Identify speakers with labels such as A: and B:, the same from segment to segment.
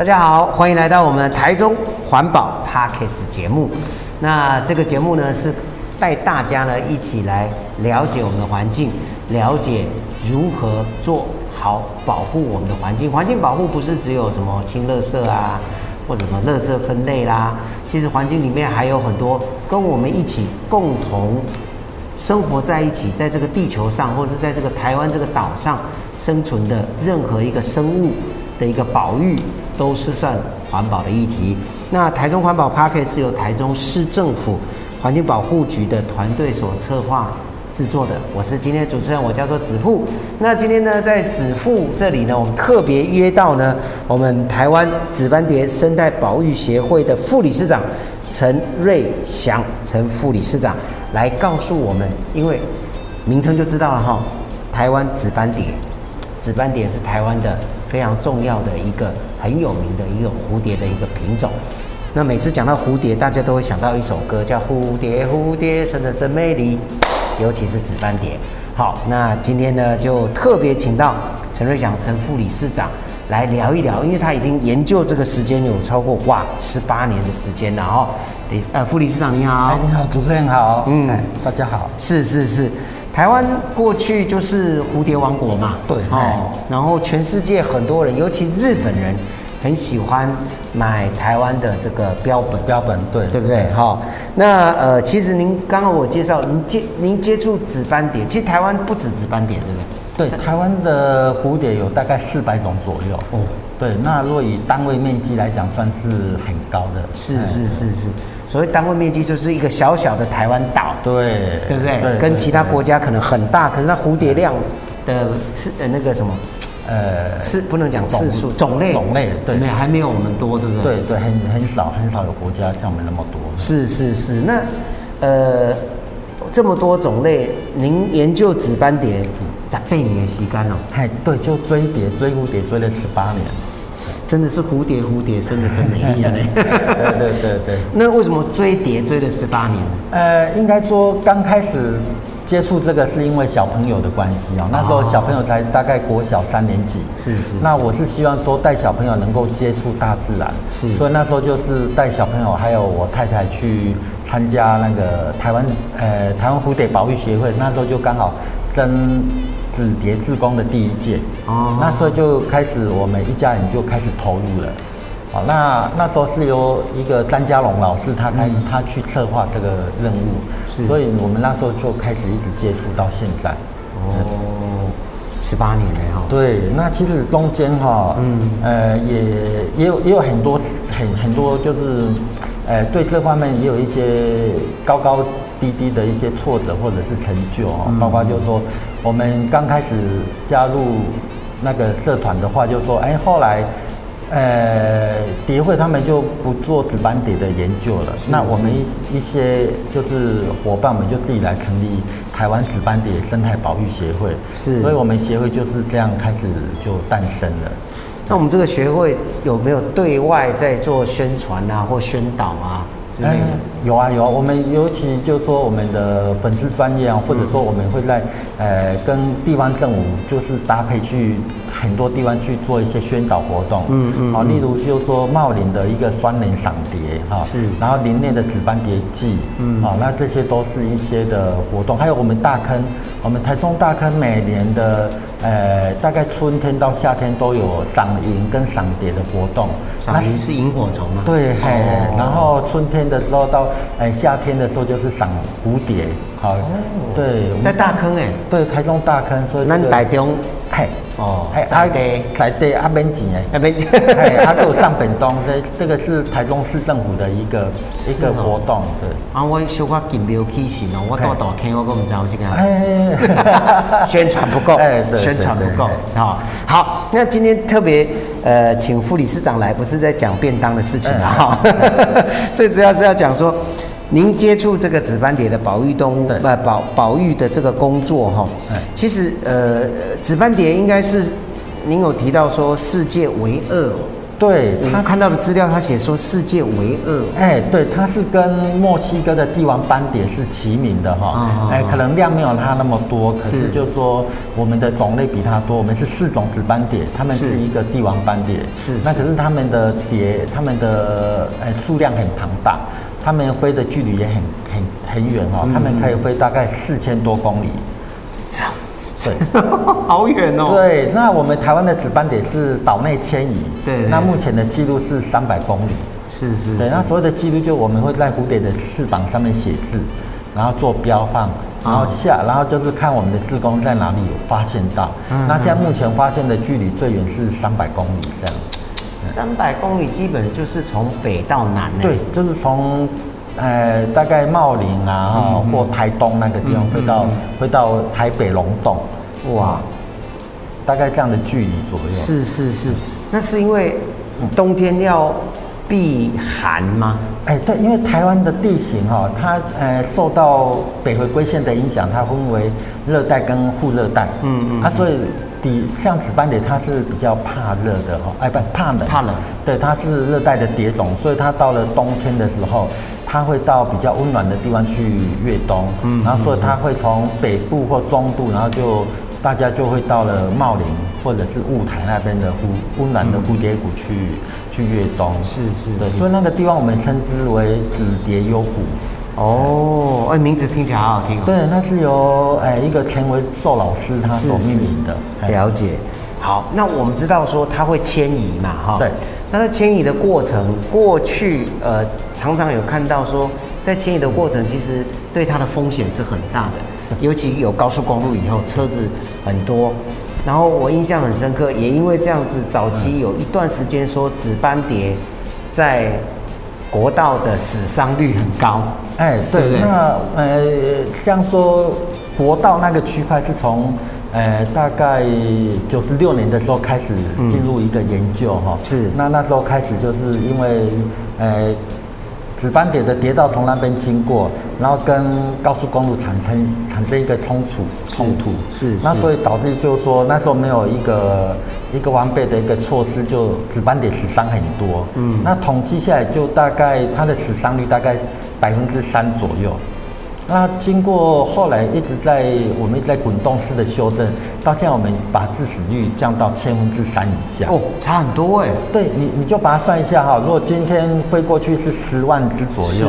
A: 大家好，歡迎來到我們的台中環保 Podcast 節目。那這個節目呢，是帶大家呢一起來了解我們的環境，了解如何做好保護我們的環境。環境保護不是只有什麼清垃圾啊，或者什麼垃圾分類啦、啊，其實環境裡面還有很多跟我們一起共同生活在一起，在這個地球上或是在這個台灣這個島上生存的任何一個生物。的一個保育都是算環保的議題。那台中環保 Podcast 是由台中市政府環境保護局的團隊所策劃製作的。我是今天的主持人，我叫做子富。那今天呢，在子富這裡呢，我們特別約到呢，我們台灣紫斑蝶生態保育協會的副理事長陳瑞祥，陳副理事長來告訴我們，因為名稱就知道了哈，台灣紫斑蝶，紫斑蝶是台灣的。非常重要的一個很有名的一個蝴蝶的一個品種。那每次講到蝴蝶，大家都會想到一首歌，叫《蝴蝶蝴蝶》，生得真美麗。尤其是紫斑蝶。好，那今天呢，就特別請到陳瑞祥陳副理事長來聊一聊，因為他已經研究這個時間有超過哇十八年的時間了哦。呃，副理事長你好。你好，主持人好。嗯，大家好。是是是。是台灣過去就是蝴蝶王國嘛、啊，對，哦，然後全世界很多人，尤其日本人、嗯，很喜歡買台灣的這個標本，標本，對，對不對？哈，那呃，其實您剛剛我介紹，您接
B: 您接觸紫斑蝶，其實台灣不止紫斑蝶，對不對？對，台灣的蝴蝶有大概四百種左右，嗯、哦。對，那若以單位面積來講，算是很高的，是是是是，是，所謂單位面積就是一個小小的台灣島。對，對不對？對跟其他國
A: 家可能很大，可是它蝴蝶量的次、呃呃、那個什麼，
B: 呃，次不能講次數，種類種類，對，沒還沒有我們多，對不對？對對，很很少很少有國家像我們那麼多。
A: 是是是，那呃。這麼多種類，您研究紫斑蝶，十八年的時間喔？哎，對，就追蝶追蝴蝶追了十八年，真的是蝴蝶蝴蝶生得，真美麗啊，對對對，
B: 那為什麼追蝶追了十八年？呃，應該說剛開始。接觸這個是因為小朋友的關係哦，那時候小朋友才大概國小三年級，oh. 是是，是。那我是希望說帶小朋友能夠接觸大自然，是。所以那時候就是帶小朋友，還有我太太去參加那個台灣呃台灣蝴蝶保育協會，那時候就剛好，徵紫蝶志工的第一屆，oh. 那時候就開始我們一家人就開始投入了。哦，那那時候是由一個張家龍老師他開始，嗯、他去策劃這個任務，是，所以我們那時候就開始一直接觸到現在，哦，十、嗯、八年了哈。對，那其實中間哈、哦，嗯，呃，也也有也有很多很很多就是、嗯，呃，對這方面也有一些高高低低的一些挫折或者是成就哈、哦嗯，包括就是說我們剛開始加入那個社團的話就是，就說哎後來。呃，蝶會他們就不做紫斑蝶的研究了。那我們一一些，就是夥伴們就自己來成立台灣紫斑蝶生態保育協會。是，所以我們協會就是這樣開始就誕生了。
A: 那我們這個協會有沒有對外在做宣傳啊，
B: 或宣導啊之類的？有啊有，啊，我們尤其就是說我們的粉絲專頁啊，或者說我們會在，呃，跟地方政府就是搭配去很多地方去做一些宣導活動，嗯嗯，啊、嗯哦，例如就是說茂林的一個雙鈴賞蝶哈，是，然後林內的紫斑蝶季。嗯，好、哦，那這些都是一些的活動、嗯，還有我們大坑，我們台中大坑每年的，呃，大概春天到夏天都有賞螢跟賞蝶的活動，賞螢是螢火蟲嗎？對，嘿、欸。然後春天的時候到。哎，夏天的時候就是賞蝴蝶。好，對，在大坑誒，對，台中大坑，所以、這個、咱台中，嘿，哦，在台地，台阿啊免、啊、錢阿啊免錢，他都、 啊、上便當，這這個是台中市
A: 政府的一個、哦、一個活
B: 動，對，
A: 啊，我小可引流去先哦，我到大坑我都不知道，我去啊，嘿嘿嘿 宣傳不夠，哎、欸，對，宣傳不夠，啊，好，那今天特別呃，請副理事長來，不是在講便當的事情了哈、欸，最主要是要講說。您接觸這個紫斑蝶的保育動的呃，保保育的這個工作哈，其實呃，紫斑蝶應該是
B: 您有提到說世界唯二、哦，對他看到的資料，他寫說世界唯二、哦，哎、欸，對，它是跟墨西哥的帝王斑蝶是齊名的哈、哦，哎、哦哦哦欸，可能量沒有它那麼多哦哦，可是就是說我們的種類比它多，我們是四種紫斑蝶，它們是一個帝王斑蝶，是，那可是它們的蝶，它們的、欸、數量很龐大。他們飛的距離也很很很遠哦，嗯嗯他們可以飛大概四千多公里，這樣，對， 好遠哦。對，那我們台灣的紫斑蝶是島內遷移，對，對，那目前的記錄是三百公里，是是，是。對，那所謂的記錄就我們會在蝴蝶的翅膀上面寫字，然後做標放，然後下，嗯嗯然後就是看我們的志工在哪裡有發現到，嗯嗯那現在目前發現的距離最遠是三百公里這樣。三百公里基本就是從北到南。對，就是從，呃，大概茂林啊，嗯嗯、或台東那個地方回、嗯嗯嗯、到，回到台北龍洞，哇、嗯，大概這樣的距離左右。是是是、嗯，那是因為冬天要避寒嗎？哎、嗯嗯嗯欸，對，因為台灣的地形哈、哦，它呃受到北回歸線的影響，它分為熱帶跟副熱帶，嗯嗯，嗯，啊，所以。底像紫斑蝶，它是比較怕熱的哦，哎，不怕冷，怕冷，對，它是熱帶的蝶種，所以它到了冬天的時候，它會到比較溫暖的地方去越冬，嗯，然後所以它會從北部或中部，然後就、嗯、大家就會到了茂林或者是霧台那邊的溫溫暖的蝴蝶，蝶谷去、嗯、去越冬，是，是是，對，所以那個地方我們稱之為紫蝶幽谷。哦，哎，名字聽起來好好聽、哦。對，那是由哎一個陳維壽老師他所命名的
A: 是是。了解。好，那我們知道說他會遷移嘛，哈。對。那他遷移的過程，嗯、過去呃常常有看到說，在遷移的過程，其實對他的風險是很大的、嗯，尤其有高速公路以後、嗯，車子很多。然後我印象很深刻，也因為這樣子，早期有一段時間說紫斑蝶在。
B: 國道的死傷率很高，哎、欸，對，對對，那呃，像說國道那個區塊是從呃大概九十六年的時候開始進入一個研究哈、嗯，是、哦，那那時候開始就是因為呃。紫斑蝶的蝶道從那邊經過，然後跟高速公路產生產生一個衝突衝突，是，是，是那所以導致就是說那時候沒有一個一個完備的一個措施就，就紫斑蝶死傷很多。嗯，那統計下來就大概它的死傷率大概百分之三左右。那經過後來一直在我們一直在滾動式的修正，到現在我們把致死率降到千分之三以下哦，差很多哎。對，你你就把它算一下哈，如果今天飛過去是十萬隻左右，是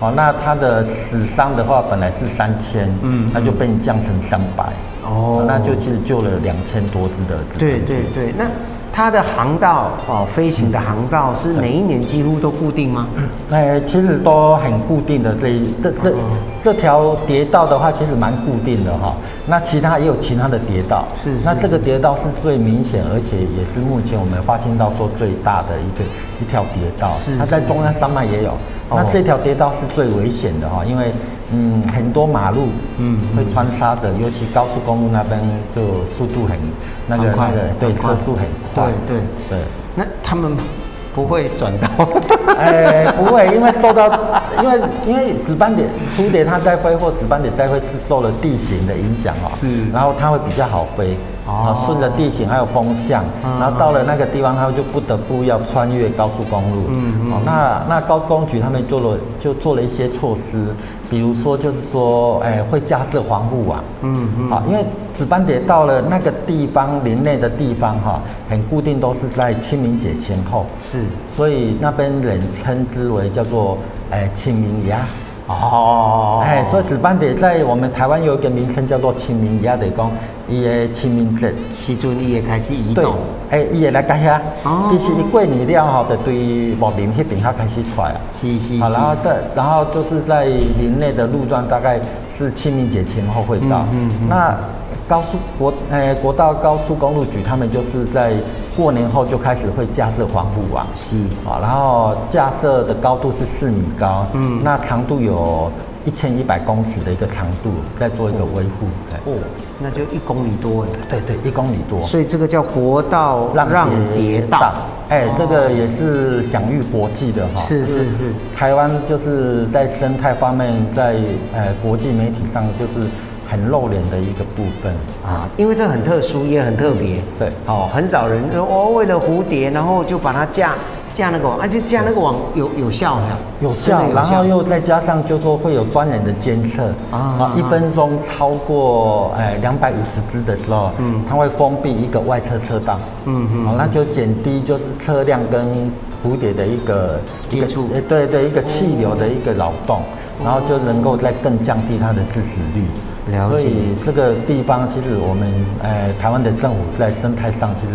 B: 哦，那它的死傷的話本來是三千，嗯，那就被你降成三百哦，那就其實救了兩千多隻的。對對
A: 對，那。它的航道哦，飛行的航道是每一年幾乎都固定嗎？
B: 呃，其實都很固定的。這這這、哦、這條蝶道的話，其實蠻固定的哈。那其他也有其他的蝶道，是是。那這個蝶道是最明顯，而且也是目前我們發現到說最大的一個一條蝶道。是。它在中央山脈也有。哦、那這條蝶道是最危險的哈，因為。嗯，很多馬路，嗯，會穿插着，尤其高速公路那邊就速度很，嗯、那個快那個對快，車速很快，對對對。那他們不會轉到哎、欸， 不會，因為受到 因為因為紫斑蝶，蝴蝶它在飛或紫斑蝶在飛是受了地形的影響哦、喔，是，然後它會比較好飛，哦，順着地形還有風向、哦，然後到了那個地方，它就不得不要穿越高速公路。嗯嗯，哦，那那高公局他們做了就做了一些措施。比如說，就是說，哎、欸，會架設防護網。嗯嗯。好，因為紫斑蝶到了那個地方林內的地方哈，很固定，都是在清明節前後。是。所以那邊人稱之為叫做哎、欸、清明鴨。哦。哎、欸，所以紫斑蝶在我們台灣有一個名稱叫做清明鴨的公伊誒清明節時陣，伊也開始移動。對，誒，伊誒來幹遐。哦。其實一桂年料好的對茂林那邊開始出來啊。是是。好，然後在，然後就是在林內的路段，大概是清明節前後會到。嗯嗯，嗯。那高速國誒、哎、國道高速公路局，他們就是在過年後就開始會架設防護網。是。好，然後架設的高度是四米高。嗯。那長度有。一千一百公尺的一個長度，再做一個維護。哦，那
A: 就一公里多對。對對，一公里多。所以這個叫國
B: 道讓蝶道，哎、哦，這個也是享譽國際的哈。是是是，是，台灣就是在生態方面，在呃國際媒體上就是很露臉的一個部分啊，因為這很特殊，也很特別。嗯、對，哦，很
A: 少人說哦，為了蝴蝶，然後就把它架，加那個網，而且加那個網有有
B: 效,有效，有效，然後又再加上，就說會有專人的監測啊，一分鐘超過呃兩百五十只的時候，嗯，它會封閉一個外側車,車道，嗯嗯，那就減低就是車輛跟蝴蝶的一個接觸，對對,對，一個氣流的一個擾動，嗯，然後就能夠再更降低它的致死率。了解，所以這個地方其實我們呃台灣的政府在生態上其實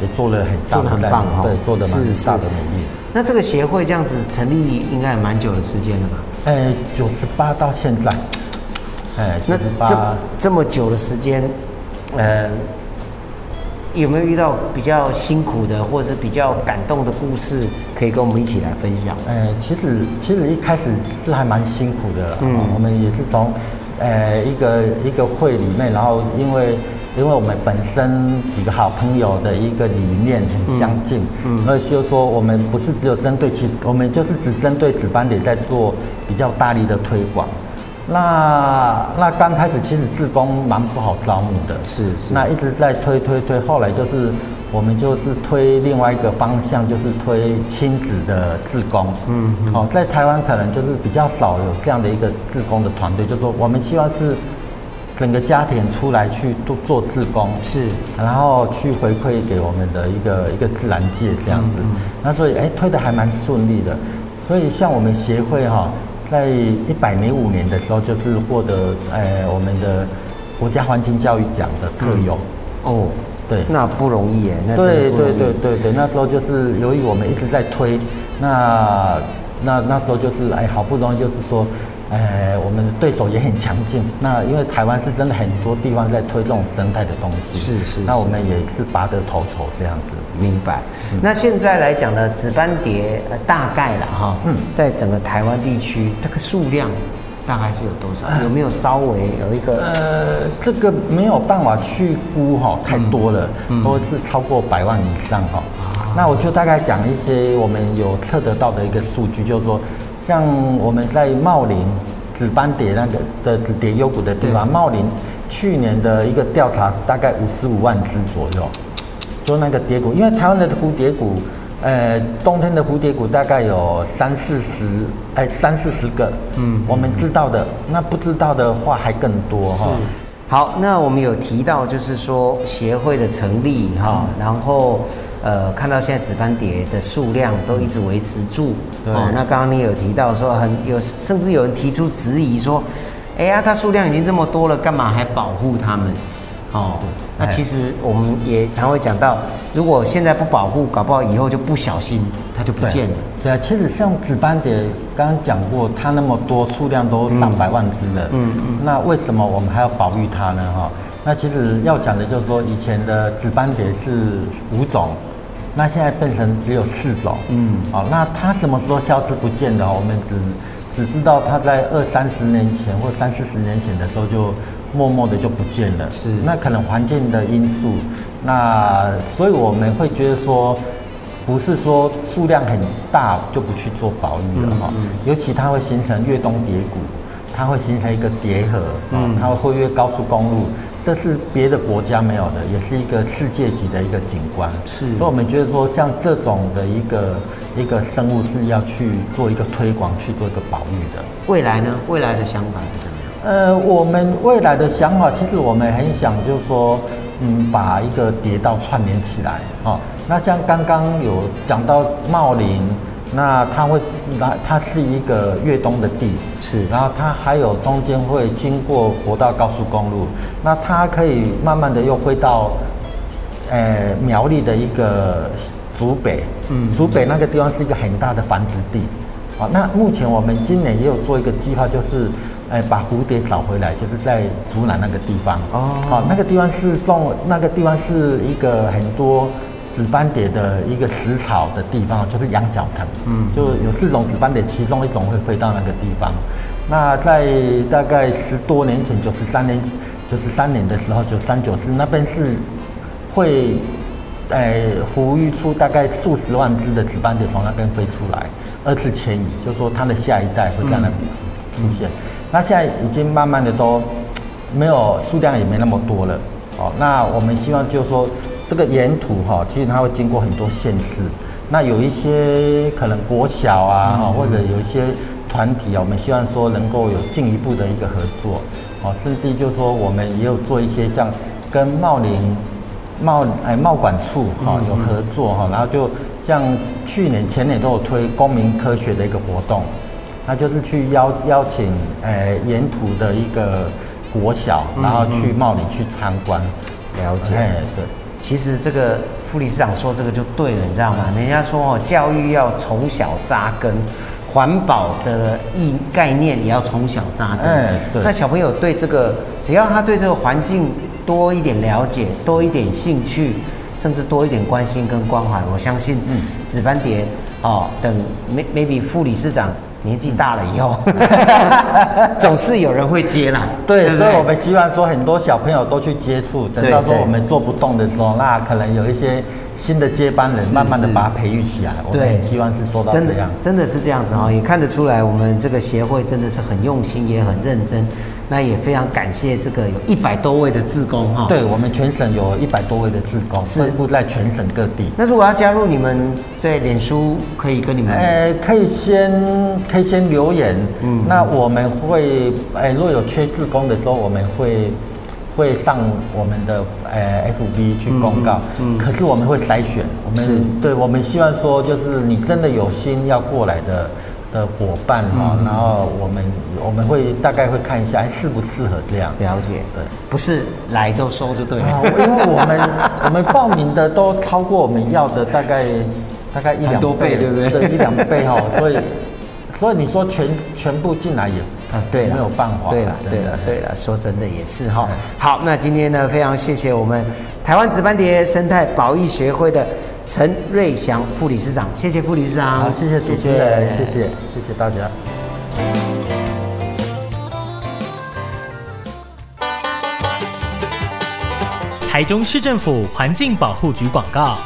B: 也做了很大的，很棒哈、哦，對，做的蠻大的努力。那這個協會這樣子成
A: 立，應該也蠻久的時間了嘛？呃，九十八到現在，呃，九十八，那這，這麼久的時間，呃，有沒有遇到比較辛苦的，或者是比較感動的故事，可以跟我們一起來分享？
B: 呃，其實其實一開始是還蠻辛苦的了，嗯、哦，我們也是從呃一個一個會裡面，然後因為。因為我們本身幾個好朋友的一個理念很相近，嗯，所、嗯、以就說我們不是只有針對其，我們就是只針對紫斑蝶在做比較大力的推廣。那那剛開始其實志工蠻不好招募的，是是。那一直在推推推，後來就是我們就是推另外一個方向，就是推親子的志工。嗯，嗯哦，在台灣可能就是比較少有這樣的一個志工的團隊，就是、說我們希望是。整個家庭出來去做做志工，是，然後去回饋給我們的一個一個自然界，這樣子。嗯、那所以哎推的還蠻順利的，所以像我們協會哈、哦，在一百零五年的時候就是獲得哎我們的國家環境教育獎的特優、嗯、哦，對，那不容易耶，對對對對對，那時候就是由於我們一直在推，那、嗯、那那時候就是哎好不容易就是說。呃，我們的對手也很強勁。那因為台灣是真的很多地方在推動生態的東西，是是、是。那我們也是拔得頭
A: 籌這樣子，明白、嗯。那現在來講呢，紫斑蝶大概了哈，嗯，在整個台灣地區，這個數量大概是有多少、嗯？有沒有稍微有一
B: 個？呃，這個沒有辦法去估哈，太多了，都、嗯、是超過百萬以上哈、嗯。那我就大概講一些我們有測得到的一個數據，就是說。像我們在茂林紫斑蝶那個的紫蝶幽谷的地方對，茂林去年的一個調查大概五十五萬隻左右，就那個蝶谷。因為台灣的蝴蝶谷，呃，冬天的蝴蝶谷大概有三四十，哎、欸，三四十個，嗯，我們知道的嗯嗯嗯，那不知道的話還更
A: 多哈。好，那我們有提到，就是說協會的成立，哈，然後，呃，看到現在紫斑蝶的數量都一直維持住。對。那剛剛你有提到說，很有甚至有人提出質疑說，哎呀，它數量已經這麼多了，幹嘛還保護它們？哦，那其實我們也常會講到，
B: 如果現在不保護，搞不好以後就不小心它就不見了。對啊，其實像紫斑蝶，剛剛講過，它那麼多數量都上百萬隻了，嗯嗯，嗯，那為什麼我們還要保育它呢？哈，那其實要講的就是說，以前的紫斑蝶是五種，那現在變成只有四種，嗯，好，那它什麼時候消失不見的？我們只只知道它在二三十年前或三四十年前的時候就。默默的就不見了，是，那可能環境的因素，那所以我們會覺得說，不是說數量很大就不去做保育了哈、嗯嗯。尤其它會形成越冬蝶谷，它會形成一個蝶河、嗯，它會越高速公路，這是別的國家沒有的，也是一個世界級的一個景觀。是，所以我們覺得說，像這種的一個一個生物是要去做一個推廣，去做一個保育的。未來呢？未來的想法是什麼？呃，我們未來的想法，其實我們很想，就是說，嗯，把一個蝶道串聯起來啊、哦。那像剛剛有講到茂林，那它會，它它是一個越冬的地，是。然後它還有中間會經過國道高速公路，那它可以慢慢的又回到，呃，苗栗的一個竹北，嗯，竹北那個地方是一個很大的繁殖地。好，那目前我們今年也有做一個計劃，就是，哎、欸，把蝴蝶找回來，就是在竹南那個地方。哦、oh.，好，那個地方是種，那個地方是一個很多紫斑蝶的一個食草的地方，就是羊角藤。嗯，嗯，就有四種紫斑蝶，其中一種會飛到那個地方。那在大概十多年前，九十三年，九十三年的時候，九三九四那邊是會，哎、欸，孵育出大概數十萬隻的紫斑蝶從那邊飛出來。二次遷移，就是說它的下一代會這樣的出現、嗯嗯。那現在已經慢慢的都沒有數量，也沒那麼多了。哦，那我們希望就是說這個沿途哈、哦，其實它會經過很多縣市。那有一些可能國小啊，或者有一些團體啊，嗯嗯、我們希望說能夠有進一步的一個合作。哦，甚至就是說我們也有做一些像跟茂林茂哎茂管處哈、哦、有合作哈、哦，然後就。像去年、前年都有推公民科學的一個活動，那就是去邀邀請呃、欸、沿途的一個國小，然後去茂林去參觀、嗯嗯嗯、去參觀了解、欸。對，其實這個副
A: 理事長說這個就對了，你知道嗎？人家說哦，教育要從小扎根，環保的意概念也要從小扎根、欸。對，那小朋友對這個，只要他對這個環境多一點了解，多一點興趣。甚至多一點關心跟關懷，我相信，嗯，紫斑蝶，哦，等 may, maybe 副理事
B: 長年紀大了以後， 總是有人會接啦。對，所以我們希望說，很多小朋友都去接觸。等到說我們做不動的時候，那可能有一些新的接班人，慢慢的把它培育起來。對我們也希望是做到這樣真，
A: 真的是這樣子啊、哦嗯！也看得出來，我們這個協會真的是很用心，也很認真。那也非常感謝這個有一百多位的志工哈，對、嗯、我們全省有一百多位的志工，分佈在全
B: 省各地。那如果要加入你們，在臉書可以跟你們呃、欸，可以先可以先留言，嗯，那我們會，哎、欸，如果有缺志工的時候，我們會會上我們的呃、欸、FB 去公告，嗯，嗯，可是我們會篩選，我們是對我們希望說就是你真的有心要過來的的夥伴哈、嗯，然後我們我們會大概會看一下，還適不適合這樣了解？對，不是來都收就對了，因為我們 我們報名的都超過我們要的大，大概大概一兩多倍，倍對不對？對一兩倍哈、哦， 所以所以你說全全部進來也 啊，對，沒有辦法，對了，對了，對了，說真的
A: 也是哈、哦。好，那今天呢，非常謝謝我們台灣紫斑蝶生態保育協會的。陳瑞祥副理事長，謝謝副理事長。好，謝謝主持人，謝謝，謝謝，
B: 謝謝大家。台中市政府環境保護局廣告。